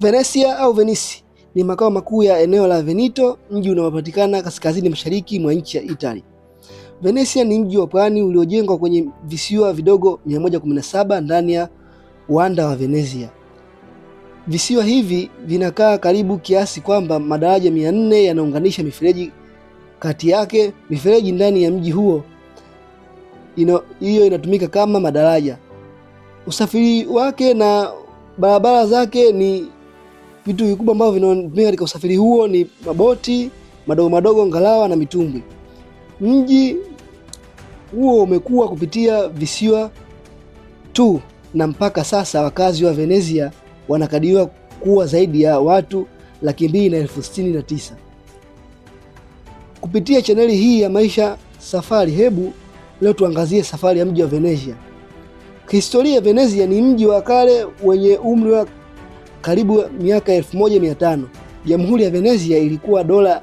Venesia au Venisi ni makao makuu ya eneo la Veneto, mji unaopatikana kaskazini mashariki mwa nchi ya Italy. Venesia ni mji wa pwani uliojengwa kwenye visiwa vidogo 117 ndani ya uwanda wa Venezia. Visiwa hivi vinakaa karibu kiasi kwamba madaraja 400 yanaunganisha mifereji kati yake. Mifereji ndani ya mji huo hiyo ino, inatumika kama madaraja. Usafiri wake na barabara zake ni Vitu vikubwa ambavyo vinatumika katika usafiri huo ni maboti madogo madogo, ngalawa na mitumbwi. Mji huo umekuwa kupitia visiwa tu na mpaka sasa wakazi wa Venezia wanakadiriwa kuwa zaidi ya watu laki mbili na elfu sitini na tisa. Kupitia chaneli hii ya Maisha Safari, hebu leo tuangazie safari ya mji wa Venezia. Kihistoria, Venezia ni mji wa kale wenye umri wa karibu miaka tano jamhuri ya Venezia ilikuwa dola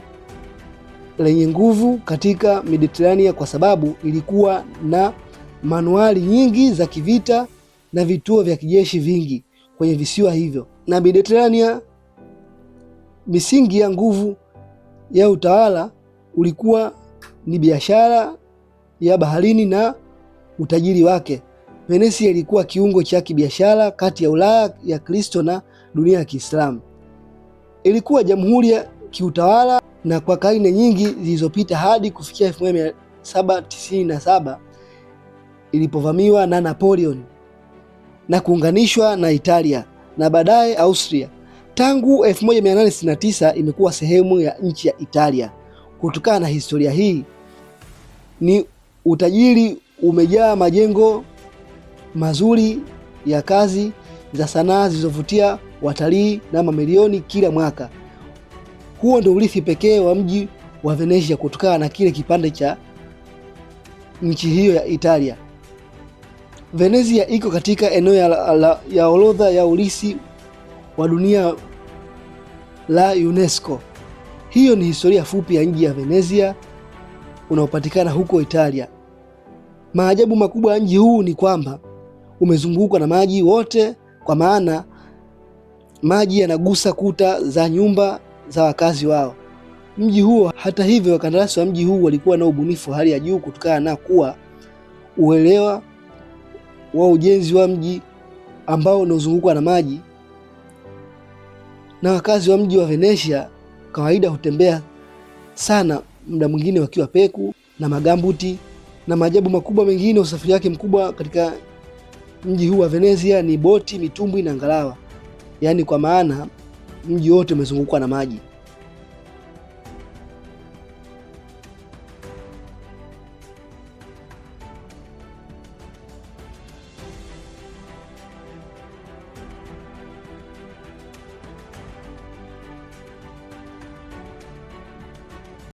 lenye nguvu katika Mediterania kwa sababu ilikuwa na manuali nyingi za kivita na vituo vya kijeshi vingi kwenye visiwa hivyo. Na Mediterania, misingi ya nguvu ya utawala ulikuwa ni biashara ya baharini na utajiri wake. Venesia ilikuwa kiungo cha kibiashara kati ya Ulaya ya Kristo na dunia ya Kiislamu. Ilikuwa jamhuri ya kiutawala na kwa karne nyingi zilizopita hadi kufikia 1797 ilipovamiwa na Napoleon na kuunganishwa na Italia na baadaye Austria. Tangu 1869 imekuwa sehemu ya nchi ya Italia. Kutokana na historia hii, ni utajiri umejaa majengo mazuri ya kazi za sanaa zilizovutia watalii na mamilioni kila mwaka. Huo ndio urithi pekee wa mji wa Venezia kutokana na kile kipande cha nchi hiyo ya Italia. Venezia iko katika eneo ya, ya, ya orodha ya urithi wa dunia la UNESCO. Hiyo ni historia fupi ya mji ya Venezia unaopatikana huko Italia. Maajabu makubwa ya mji huu ni kwamba umezungukwa na maji wote kwa maana maji yanagusa kuta za nyumba za wakazi wao. Mji huo, hata hivyo, wakandarasi wa mji huu walikuwa na ubunifu hali ya juu kutokana na kuwa uelewa wa ujenzi wa mji ambao unaozungukwa na maji, na wakazi wa mji wa Venetia kawaida hutembea sana, muda mwingine wakiwa peku na magambuti na maajabu makubwa mengine. Usafiri wake mkubwa katika mji huu wa Venezia ni boti, mitumbwi na ngalawa, yaani kwa maana mji wote umezungukwa na maji.